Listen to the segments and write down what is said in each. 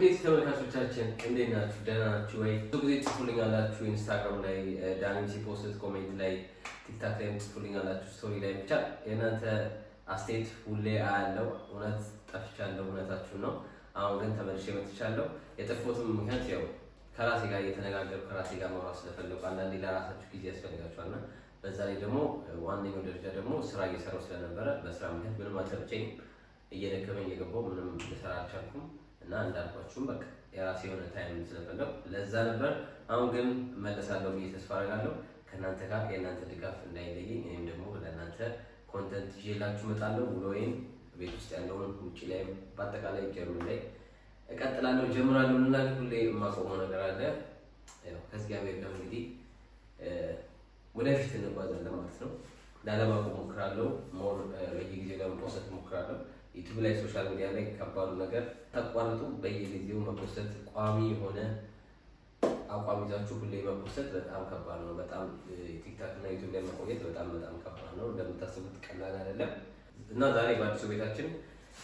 እንዴት ተመልካቾቻችን እንዴት ናችሁ? ደህና ናችሁ ወይ? ብዙ ጊዜ ጽፉልኛላችሁ ኢንስታግራም ላይ ዳኒ ሲፖስት ኮሜንት ላይ ቲክታክ ላይ ጽፉልኛላችሁ ስቶሪ ላይ ብቻ የእናንተ አስተያየት ሁሌ አያለው። እውነት ጠፍቻለሁ፣ እውነታችሁ ነው። አሁን ግን ተመልሼ መጥቻለሁ። የጠፎትም ምክንያት ያው ከራሴ ጋር እየተነጋገሩ ከራሴ ጋር መራ ስለፈለጉ አንዳንዴ ለራሳችሁ ጊዜ ያስፈልጋችኋል እና በዛ ላይ ደግሞ ዋነኛው ደረጃ ደግሞ ስራ እየሰራው ስለነበረ በስራ ምክንያት ምንም አልተመቸኝም። እየደከመኝ እየገባው ምንም ልሰራ አልቻልኩም። እና እንዳልኳችሁም በቃ የራሴ የሆነ ታይም ስለፈለኩ ለዛ ነበር። አሁን ግን መለሳለሁ ብዬ ተስፋ አደርጋለሁ። ከእናንተ ጋር የእናንተ ድጋፍ እንዳይለየኝ እኔም ደግሞ ለእናንተ ኮንተንት ይዤላችሁ እመጣለሁ። ውሎዬን ቤት ውስጥ ያለውን ውጭ ላይ በአጠቃላይ ጀርመን ላይ እቀጥላለሁ ጀምራለሁ። እና ሁሌ የማቆመው ነገር አለ ከእግዚአብሔር ጋር እንግዲህ ወደፊት እንጓዛለን ማለት ነው። ላለማቆም ሞክራለሁ። ሞር በየጊዜው ለመቆሰት ሞክራለሁ። ዩቲዩብ ላይ ሶሻል ሚዲያ ላይ ከባዱ ነገር ተቋርጡ በየጊዜው መኮሰት ቋሚ የሆነ አቋም ይዛችሁ ሁሌ መኮሰት በጣም ከባድ ነው። በጣም ቲክታክ እና ዩቲዩብ ላይ መቆየት በጣም በጣም ከባድ ነው። እንደምታስቡት ቀላል አይደለም እና ዛሬ በአዲሱ ቤታችን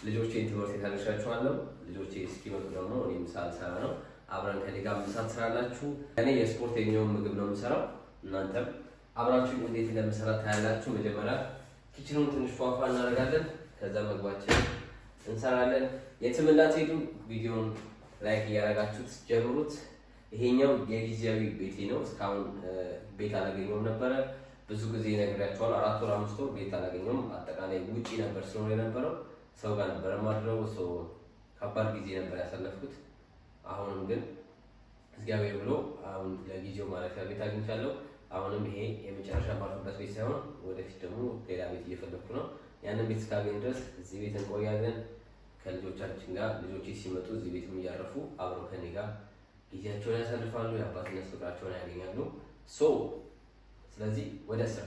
ልጆቼ ትምህርት የታነሻችኋለሁ። ልጆቼ እስኪመጡ ደግሞ እኔ ምሳ ልሰራ ነው። አብረን ከኔ ጋር ምሳ ትሰራላችሁ። እኔ የስፖርት የሚሆን ምግብ ነው የምሰራው። እናንተም አብራችሁ እንዴት እንደምሰራ ታያላችሁ። መጀመሪያ ኪችኑን ትንሽ ፏፏ እናደርጋለን። ከዛ ምግባችን እንሰራለን። የትም እንዳትሄዱ ቪዲዮን ላይክ እያደረጋችሁት ጀምሩት። ይሄኛው የጊዜያዊ ቤቴ ነው። እስካሁን ቤት አላገኘውም ነበረ። ብዙ ጊዜ ነግሬያቸዋለሁ። አራት ወር አምስት ወር ቤት አላገኘውም። አጠቃላይ ውጪ ነበር ስኖር የነበረው ሰው ጋር ነበረ ማድረው ሰው ከባድ ጊዜ ነበር ያሳለፍኩት። አሁንም ግን እግዚአብሔር ብሎ አሁን ለጊዜው ማረፊያ ቤት አግኝቻለሁ። አሁንም ይሄ የመጨረሻ ማረፍበት ቤት ሳይሆን ወደፊት ደግሞ ሌላ ቤት እየፈለግኩ ነው። ያንን ቤት እስካገኝ ድረስ እዚህ ቤት እንቆያለን ከልጆቻችን ጋር። ልጆች ሲመጡ እዚህ ቤትም እያረፉ አብረው ከኔ ጋር ጊዜያቸውን ያሳልፋሉ፣ የአባትነት ፍቅራቸውን ያገኛሉ። ሶ ስለዚህ ወደ ስራ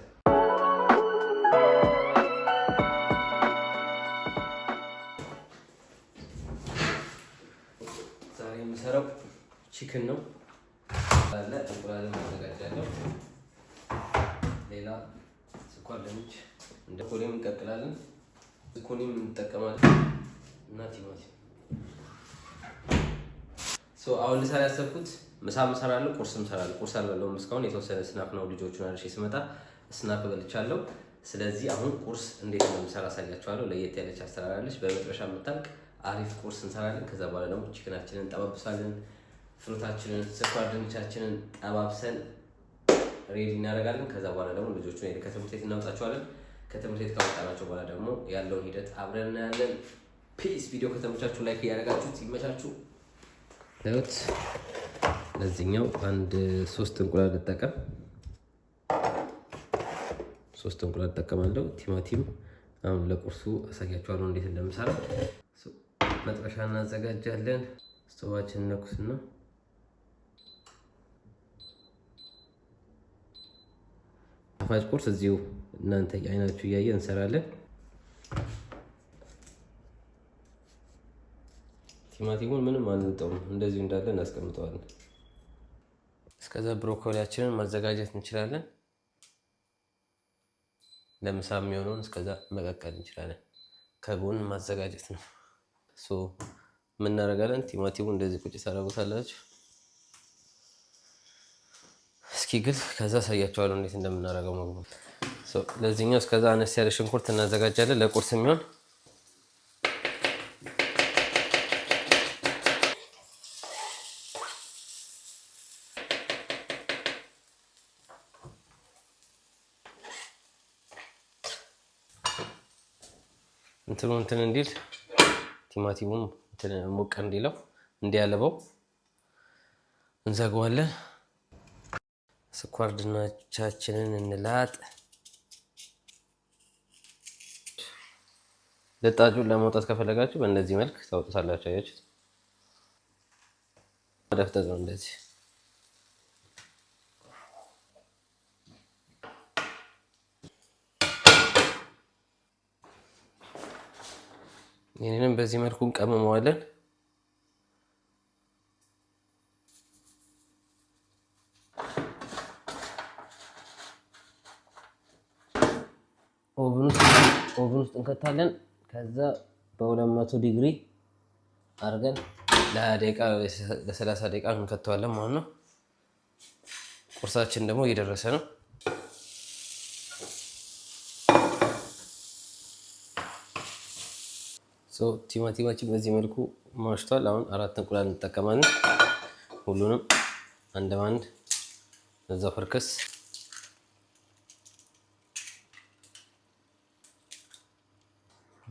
ዛሬ ቺክን ነው ለ እንቁላል ማዘጋጃለሁ። ሌላ ስኳር ለምች እንደ ኮኔም እንቀቅላለን። ኮኔም እንጠቀማለን እና ቲማቲም አሁን ልሰራ ያሰብኩት ምሳም እሰራለሁ፣ ቁርስም እሰራለሁ። ቁርስ አልበላሁም እስካሁን። የተወሰነ ስናፍ ነው ልጆቹን አድርሼ ስመጣ ስናፍ በልቻለሁ። ስለዚህ አሁን ቁርስ እንዴት እንደምሰራ አሳያችኋለሁ። ለየት ያለች አሰራራለች። በመጥበሻ የምታልቅ አሪፍ ቁርስ እንሰራለን። ከዛ በኋላ ደግሞ ቺክናችንን እንጠባብሳለን። ፍሩታችንን፣ ስኳር ድንቻችንን ጠባብሰን ሬዲ እናደርጋለን። ከዛ በኋላ ደግሞ ልጆቹን ከትምህርት ቤት እናውጣቸዋለን። ከትምህርት ቤት ካወጣናቸው በኋላ ደግሞ ያለውን ሂደት አብረን እናያለን። ፒስ ቪዲዮ ከተመቻችሁ ላይክ እያደረጋችሁት ይመቻችሁ። ት ለዚህኛው አንድ ሶስት እንቁላል ልጠቀም ሶስት እንቁላል እጠቀማለሁ። ቲማቲም አሁን ለቁርሱ አሳያችኋለሁ እንዴት እንደምሰራ። መጥበሻ እናዘጋጃለን። ስቶቫችን እነኩስና ጣፋጭ ቁርስ እዚሁ እናንተ አይናችሁ እያየ እንሰራለን። ቲማቲሙን ምንም አንልጠውም፣ እንደዚሁ እንዳለ እናስቀምጠዋለን። እስከዛ ብሮኮሊያችንን ማዘጋጀት እንችላለን። ለምሳ የሚሆነውን እስከዛ መቀቀል እንችላለን። ከጎን ማዘጋጀት ነው። ሶ የምናደርጋለን። ቲማቲሙን እንደዚህ ቁጭ ታደርጉታላችሁ እስኪ ግል፣ ከዛ አሳያችኋለሁ እንዴት እንደምናደርገው መግባት ለዚህኛው እስከዛ አነስ ያለ ሽንኩርት እናዘጋጃለን ለቁርስ የሚሆን እንትኑ እንትን እንዲል ቲማቲሙም ሞቀ እንዲለው እንዲያለበው እንዘጋዋለን። ስኳር ድንቻችንን እንላጥ። ልጣጩን ለማውጣት ከፈለጋችሁ በእንደዚህ መልክ ታውጡታላችሁ። አያችሁት? መደፍጠጥ ነው እንደዚህ። ይህንንም በዚህ መልኩ እንቀምመዋለን። ኦቭን ውስጥ እንከታለን። ከዛ በሁለት መቶ ዲግሪ አድርገን ለደቂቃ ለሰላሳ ደቂቃ እንከተዋለን ማለት ነው። ቁርሳችን ደግሞ እየደረሰ ነው። ቲማቲማችን በዚህ መልኩ ማሽቷል። አሁን አራት እንቁላል እንጠቀማለን። ሁሉንም አንድ በአንድ እዛው ፍርክስ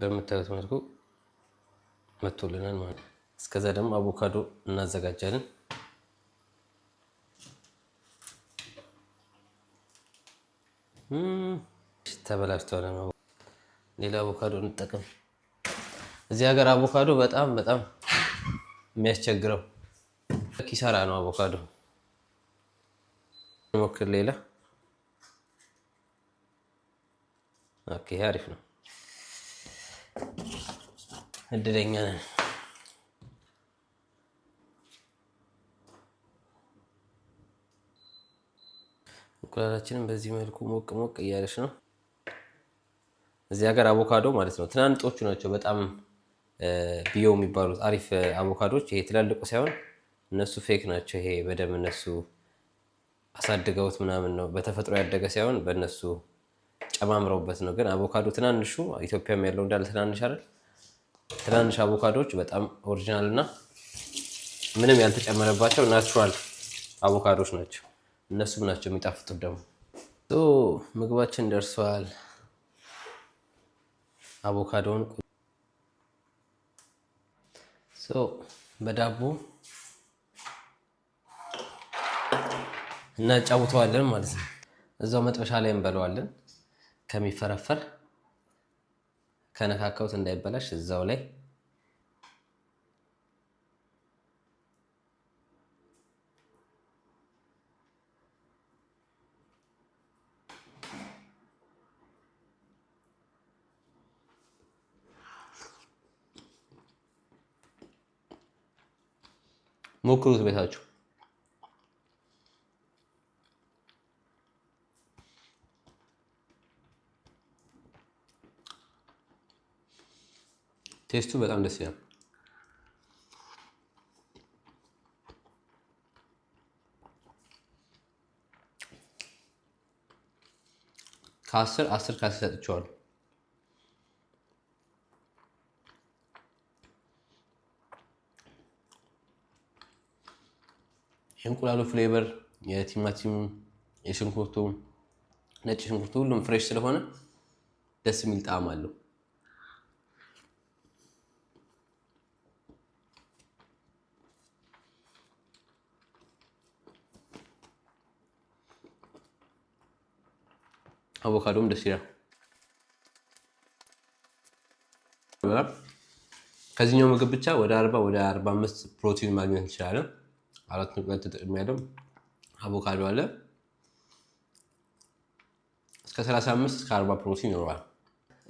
በምታዩት መልኩ መቶልናል ማለት ነው። እስከዛ ደግሞ አቮካዶ እናዘጋጃለን። ተበላሽተዋል። ሌላ አቮካዶ እንጠቀም። እዚህ ሀገር አቮካዶ በጣም በጣም የሚያስቸግረው ኪሳራ ነው። አቮካዶ ሞክር። ሌላ አሪፍ ነው። እድለኛ ነን። እንቁላላችንም በዚህ መልኩ ሞቅ ሞቅ እያለች ነው። እዚህ ሀገር አቮካዶ ማለት ነው ትናንጦቹ ናቸው በጣም ቢዮ የሚባሉት አሪፍ አቮካዶች። ይሄ ትላልቁ ሳይሆን እነሱ ፌክ ናቸው። ይሄ በደም እነሱ አሳድገውት ምናምን ነው። በተፈጥሮ ያደገ ሳይሆን በእነሱ ጨማምረውበት ነው። ግን አቮካዶ ትናንሹ ኢትዮጵያም ያለው እንዳለ ትናንሽ አይደል? ትናንሽ አቮካዶዎች በጣም ኦሪጂናል እና ምንም ያልተጨመረባቸው ናቹራል አቮካዶች ናቸው። እነሱም ናቸው የሚጣፍጡት። ደግሞ ምግባችን ደርሷል። አቮካዶውን በዳቦ እናጫውተዋለን ማለት ነው። እዛው መጥበሻ ላይ እንበለዋለን። ከሚፈረፈር ከነካካውት እንዳይበላሽ እዛው ላይ ሞክሩት ቤታችሁ። ቴስቱ በጣም ደስ ይላል። ከአስር አስር ካስ ሰጥቼዋለሁ። የእንቁላሉ ፍሌቨር የቲማቲም፣ የሽንኩርቱ፣ ነጭ ሽንኩርቱ ሁሉም ፍሬሽ ስለሆነ ደስ የሚል ጣዕም አለው። አቮካዶም ደስ ይላል። ከዚህኛው ምግብ ብቻ ወደ አርባ ወደ አርባ አምስት ፕሮቲን ማግኘት እንችላለን። አራት ንቁላል ተጠቅሚ ያለው አቮካዶ አለ እስከ 35 እስከ 40 ፕሮቲን ይኖረዋል።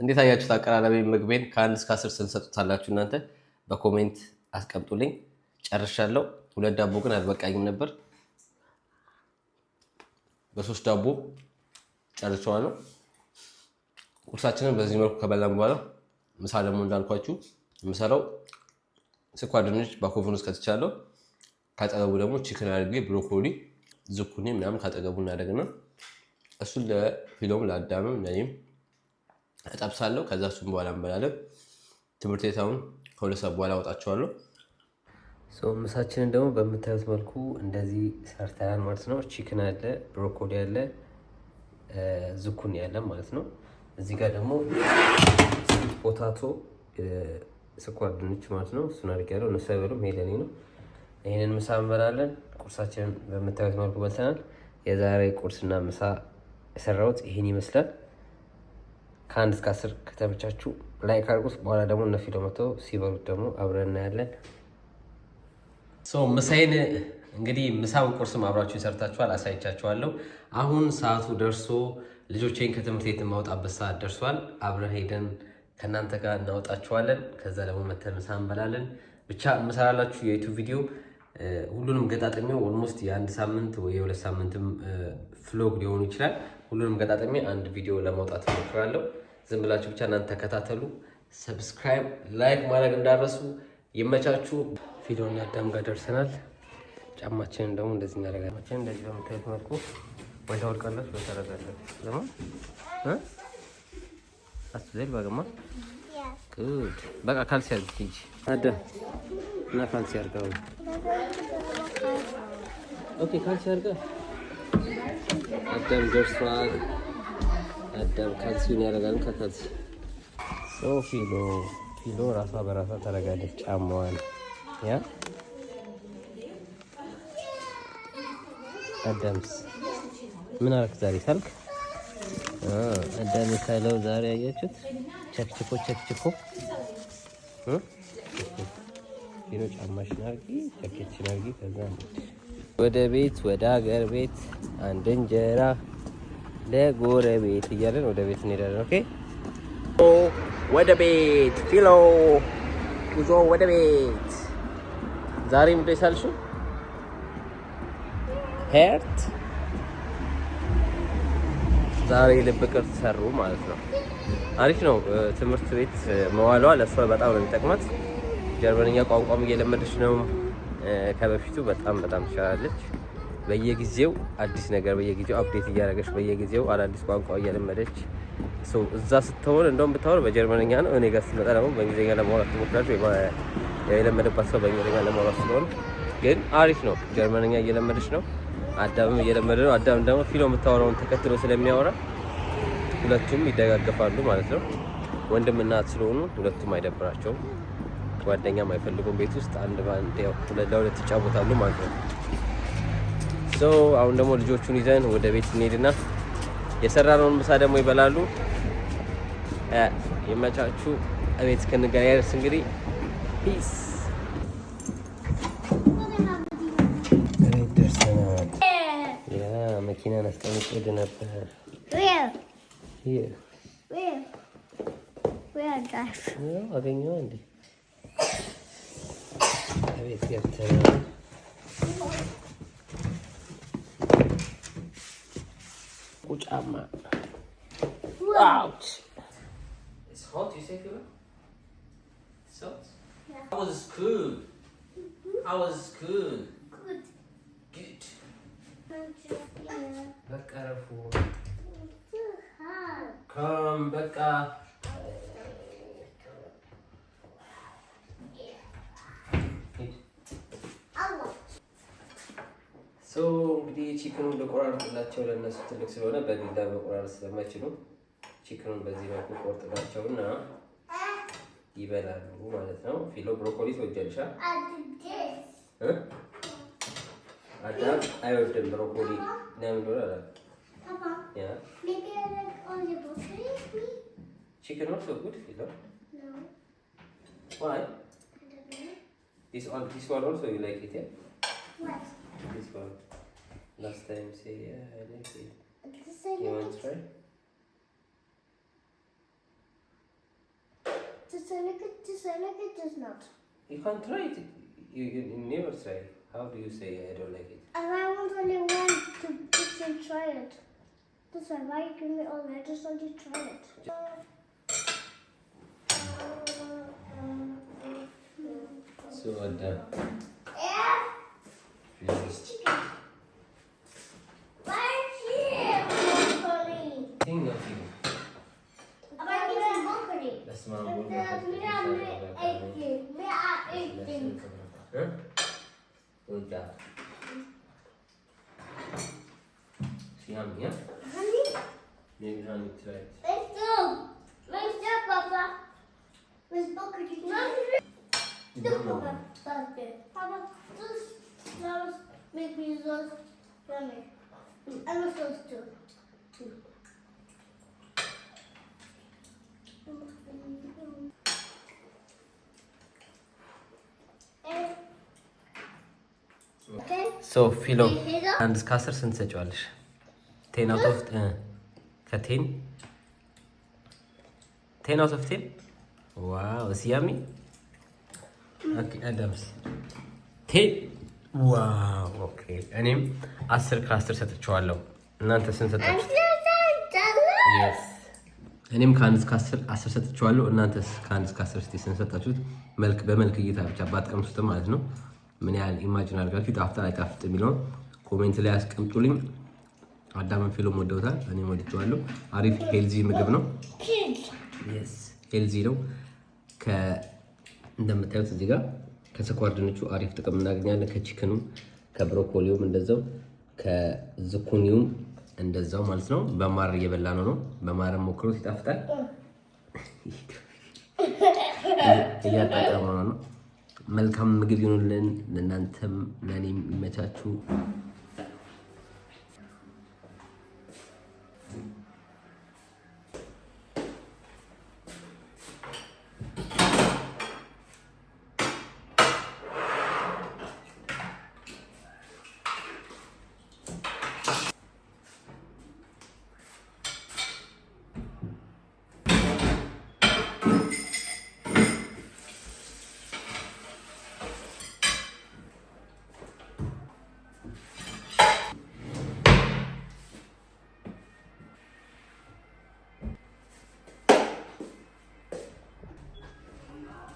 እንዴት አያችሁት? አቀራረቢ ምግቤን ከአንድ እስከ አስር ስንሰጡታላችሁ እናንተ በኮሜንት አስቀምጡልኝ። ጨርሻለሁ። ሁለት ዳቦ ግን አልበቃኝም ነበር። በሶስት ዳቦ ጨርሰዋለሁ። ቁርሳችንን በዚህ መልኩ ከበላን በኋላ ምሳ ደግሞ እንዳልኳችሁ የምሰራው ስኳር ድንች በኮቨን ውስጥ ከትቻለሁ። ካጠገቡ ደግሞ ቺክን አድርጌ ብሮኮሊ ዝኩኒ ምናምን ካጠገቡ እናደርግና እሱን ለፊሎም ለአዳምም ለእኔም እጠብሳለሁ። ከዛ እሱን በኋላ እንበላለን። ትምህርት ቤታውን አሁን ከሁለት ሰዓት በኋላ አወጣቸዋለሁ። ምሳችንን ደግሞ በምታዩት መልኩ እንደዚህ ሰርተናል ማለት ነው። ቺክን አለ፣ ብሮኮሊ አለ ዝኩን ያለን ማለት ነው። እዚህ ጋር ደግሞ ፖታቶ ስኳር ድንች ማለት ነው። እሱን አድርግ ያለው እነሱ አይበሉም፣ ይሄ ነው። ይህንን ምሳ እንበላለን። ቁርሳችንን በምታዩት መልኩ በልተናል። የዛሬ ቁርስና ምሳ የሰራሁት ይህን ይመስላል። ከአንድ እስከ አስር ከተመቻችሁ ላይክ አድርጉት። በኋላ ደግሞ እነ ፊሎ መተው ሲበሉት ደግሞ አብረን እናያለን። ምሳይን እንግዲህ ምሳም ቁርስም አብራችሁን ይሰርታችኋል፣ አሳይቻችኋለሁ። አሁን ሰዓቱ ደርሶ ልጆቼን ከትምህርት ቤት የማውጣበት ሰዓት ደርሷል። አብረን ሄደን ከእናንተ ጋር እናወጣችኋለን። ከዛ ደግሞ መተን ምሳ እንበላለን። ብቻ የምሰራላችሁ የዩቱብ ቪዲዮ ሁሉንም ገጣጠሚ ኦልሞስት የአንድ ሳምንት ወይ የሁለት ሳምንትም ፍሎግ ሊሆኑ ይችላል። ሁሉንም ገጣጠሚ አንድ ቪዲዮ ለማውጣት ሞክራለሁ። ዝም ብላችሁ ብቻ እናንተ ተከታተሉ። ሰብስክራይብ፣ ላይክ ማድረግ እንዳረሱ። ይመቻችሁ። ፊዶና አዳም ጋር ደርሰናል። ጫማችንን ደግሞ እንደዚህ እናደርጋለን። እንደዚህ በምታዩት መልኩ ወይ ታወልቃለች ወይ ታደርጋለች። ለማ አስተዘል በግማ ጉድ በቃ ካልሲ ያርግ እንጂ አደ እና ካልሲ ያርጋ። ኦኬ ካልሲ ያርጋ። አዳም ደርሷል። አዳም ካልሲውን ያደርጋል። ከካልሲ ሶፊ ፊሎ ራሷ በራሷ ታደርጋለች ጫማዋን ያ አዳምስ ምን አደረክ ዛሬ ሳልክ? አዳም ሳለው ዛሬ አያችሁት? ቸክችኮ ቸክችኮ ሌሎ ጫማሽን አርጊ፣ ቸክችን አርጊ። ከዛ ወደ ቤት ወደ ሀገር ቤት አንድ እንጀራ ለጎረቤት እያለን ወደ ቤት እንሄዳለን። ኦኬ ወደ ቤት ፊሎ ጉዞ ወደ ቤት ዛሬ ምንደ ሳልሽው ሄርት ዛሬ ልብ ቅርጽ ሰሩ ማለት ነው። አሪፍ ነው። ትምህርት ቤት መዋሏ ለእሷ በጣም ነው የሚጠቅማት። ጀርመንኛ ቋንቋም እየለመደች ነው። ከበፊቱ በጣም በጣም ትሻላለች። በየጊዜው አዲስ ነገር በየጊዜው አፕዴት እያደረገች በየጊዜው አዳዲስ ቋንቋ እየለመደች እዛ ስትሆን እንደውም ብታወር በጀርመንኛ ነው። እኔ ጋር ስትመጣ ደግሞ በእንግሊዝኛ ለማውራት ትሞክራለች። የለመደባት ሰው በእንግሊዝኛ ለማውራት ስለሆነ ግን አሪፍ ነው። ጀርመንኛ እየለመደች ነው። አዳምም እየለመደ ነው። አዳም ደግሞ ፊሎ የምታወራውን ተከትሎ ስለሚያወራ ሁለቱም ይደጋገፋሉ ማለት ነው። ወንድም እናት ስለሆኑ ሁለቱም አይደብራቸውም። ጓደኛም አይፈልጉም። ቤት ውስጥ አንድ ባንድ ለሁለት ይጫወታሉ ማለት ነው። ሶ አሁን ደግሞ ልጆቹን ይዘን ወደ ቤት እንሄድና የሰራነውን ምሳ ደግሞ ይበላሉ። የመቻቹ ቤት እስክንገናኝ ድረስ እንግዲህ ፒስ banana stomach hidden up there. Where? Here. Where? Where, guys? Where I think you Let me Have you got to Watch out, man. Ouch! It's hot, you say, Kira? It's hot? Yeah. I was school. I was school. በቃ ረፉ ከም በቃ ሰው እንግዲህ ቺክኑን ልቆራርጥላቸው ለእነሱ ትልቅ ስለሆነ በቢላ መቆራረጥ ስለማይችሉ ቺክኑን በዚህ መልኩ ቆርጥላቸውና ይበላሉ ማለት ነው። ፊሎ ብሮኮሊ ትወጃለሽ? Hatta I will tell broccoli. Now you know Papa. Yeah. Maybe I like all the broccoli Chicken also good, you know. No. Why? I don't know. This one, this one also you like it, yeah? What? This one. Last time say yeah, I like it. This I like you want to try? Just I like it, just I like it, just not. You can't try it. You, you never try it. How do you say I don't like it? And I want only one to just and try it. That's why why you give me all that? Just want to try it. So done. Uh, ፊሎ አንድ እስከ አስር ስንት ሰጪዋለሽ? ቴን አውት ኦፍ ከቴን ቴን አውት ኦፍ ቴን። ዋው እስያሚ አዳምስ ቴን ዋው ኦኬ። እኔም አስር ከአስር ሰጥቼዋለሁ። እናንተ ስንት ሰጣችሁ? እኔም ከአንድ እስከ አስር አስር ሰጥቼዋለሁ። እናንተ ከአንድ እስከ አስር ስንት ሰጣችሁት? መልክ በመልክ እይታ ብቻ ባጥቀምሱትም ማለት ነው ምን ያህል ኢማጂን አድርጋችሁ ጣፍጣ አይጣፍጥ የሚለውን ኮሜንት ላይ አስቀምጡልኝ። አዳመን ፊልም ወደውታል፣ እኔም ወድጀዋለሁ። አሪፍ ሄልዚ ምግብ ነው፣ ሄልዚ ነው። እንደምታዩት እዚህ ጋር ከስኳር ድንቹ አሪፍ ጥቅም እናገኛለን። ከቺክኑም ከብሮኮሊውም እንደዛው ከዝኩኒውም እንደዛው ማለት ነው። በማር እየበላ ነው ነው በማር ሞክሮት ይጣፍጣል። እያጣጣመ ነው ነው መልካም ምግብ ይሆኑልን። ለእናንተም ለእኔም ይመቻችሁ።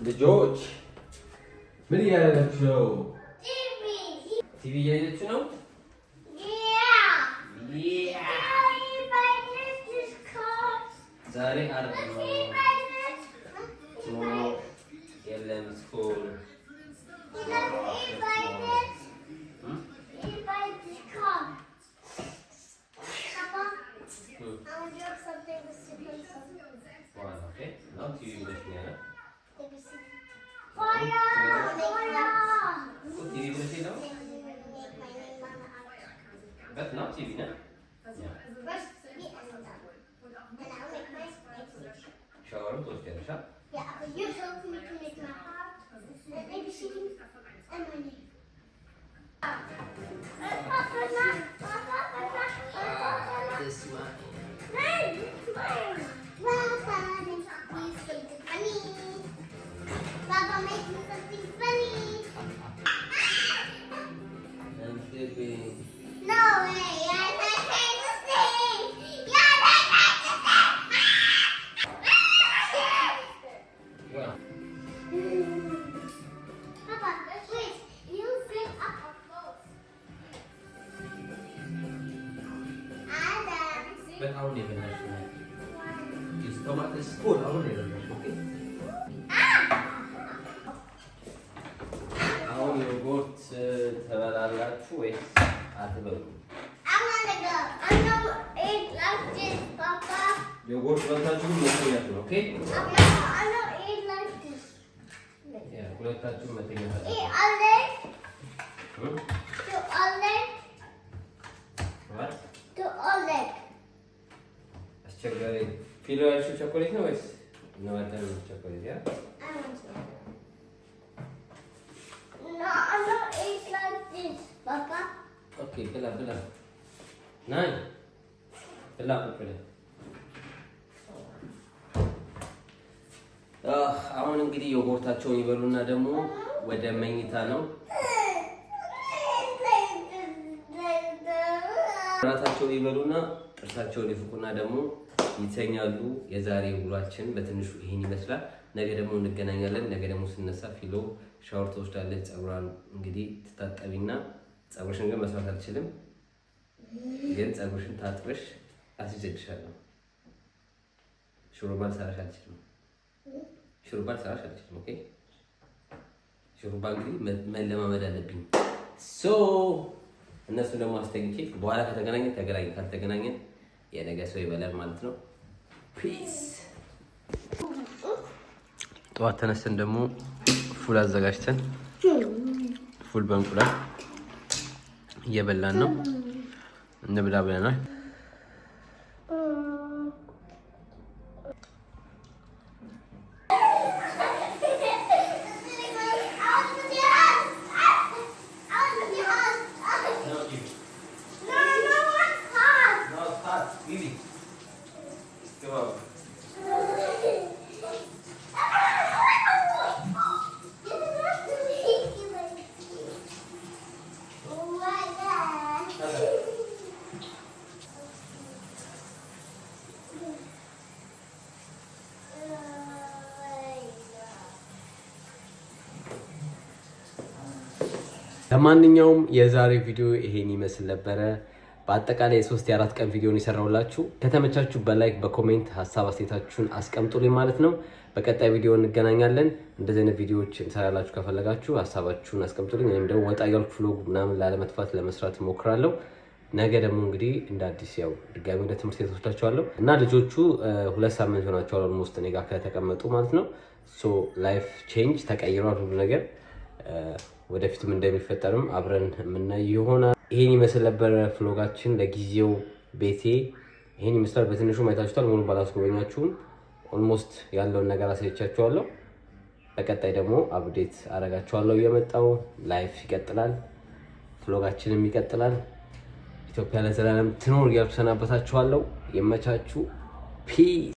ልጆች ምን እያደረጋችሁ ነው? ቲቪ እያየች ነው። ዛሬ አርብ ነው። Schulungsklasse reinzukommen. टमाटर spoon आवडून येईल okay አሁን ዮጎርት ትበላላችሁ ወይስ አትበሉ? ዮጎርት በልታችሁ መተኛት ነው። ኦኬ ሁለታችሁም መተኛት አስቸጋሪ ፊሎቹ ቸኮሌት ነው ወይስ ነው ቸኮሌት ያ ኦኬ ብላ ብላ ናይ ብላ ብላ አሁን እንግዲህ የጎርታቸውን ይበሉና ደግሞ ወደ መኝታ ነው። ራታቸውን ይበሉና ጥርሳቸውን ይፍቁና ደግሞ ይተኛሉ። የዛሬ ውሏችን በትንሹ ይህን ይመስላል። ነገ ደግሞ እንገናኛለን። ነገ ደግሞ ስነሳ ፊሎ ሻወር ተወስዳለች። ፀጉሯን እንግዲህ ትታጠቢና ፀጉርሽን ግን መስራት አልችልም፣ ግን ፀጉርሽን ታጥበሽ አስይዘግሻለሁ። ሹሩባ ልሰራሽ አልችልም። ሹሩባ ልሰራሽ አልችልም። ኦኬ ሹሩባ እንግዲህ መለማመድ አለብኝ። ሶ እነሱ ደግሞ አስተኝቼ በኋላ ከተገናኘን ተገናኘን፣ ካልተገናኘን የነገ ሰው ይበላል ማለት ነው። ጠዋት ተነስተን ደግሞ ፉል አዘጋጅተን ፉል በእንቁላል እየበላን ነው። እንብላ ብለናል። ለማንኛውም የዛሬ ቪዲዮ ይሄን ይመስል ነበረ። በአጠቃላይ የሶስት የአራት ቀን ቪዲዮን የሰራሁላችሁ ከተመቻችሁ በላይክ በኮሜንት ሀሳብ አስተያየታችሁን አስቀምጡልኝ ማለት ነው። በቀጣይ ቪዲዮ እንገናኛለን። እንደዚህ አይነት ቪዲዮዎች እንሰራላችሁ ከፈለጋችሁ ሀሳባችሁን አስቀምጡልኝ። ወይም ደግሞ ወጣ ያልኩ ፍሎግ ምናምን ላለመጥፋት ለመስራት እሞክራለሁ። ነገ ደግሞ እንግዲህ እንደ አዲስ ያው ድጋሚ ወደ ትምህርት ቤት ወስዳቸዋለሁ እና ልጆቹ ሁለት ሳምንት ሆናቸዋል ኦልሞስት እኔ ጋር ከተቀመጡ ማለት ነው። ሶ ላይፍ ቼንጅ ተቀይሯል ሁሉ ነገር ወደፊትም እንደሚፈጠርም አብረን የምናይ ይሆናል። ይህን ይመስል ነበረ ፍሎጋችን ለጊዜው ቤቴ ይህን ይመስላል። በትንሹ ማየታችኋል። ሙሉ ባላስጎበኛችሁም ኦልሞስት ያለውን ነገር አሳይቻችኋለሁ። በቀጣይ ደግሞ አፕዴት አረጋችኋለሁ እየመጣው ላይፍ ይቀጥላል፣ ፍሎጋችንም ይቀጥላል። ኢትዮጵያ ለዘላለም ትኖር እያልኩ ሰናበታችኋለሁ። የመቻችሁ ፒ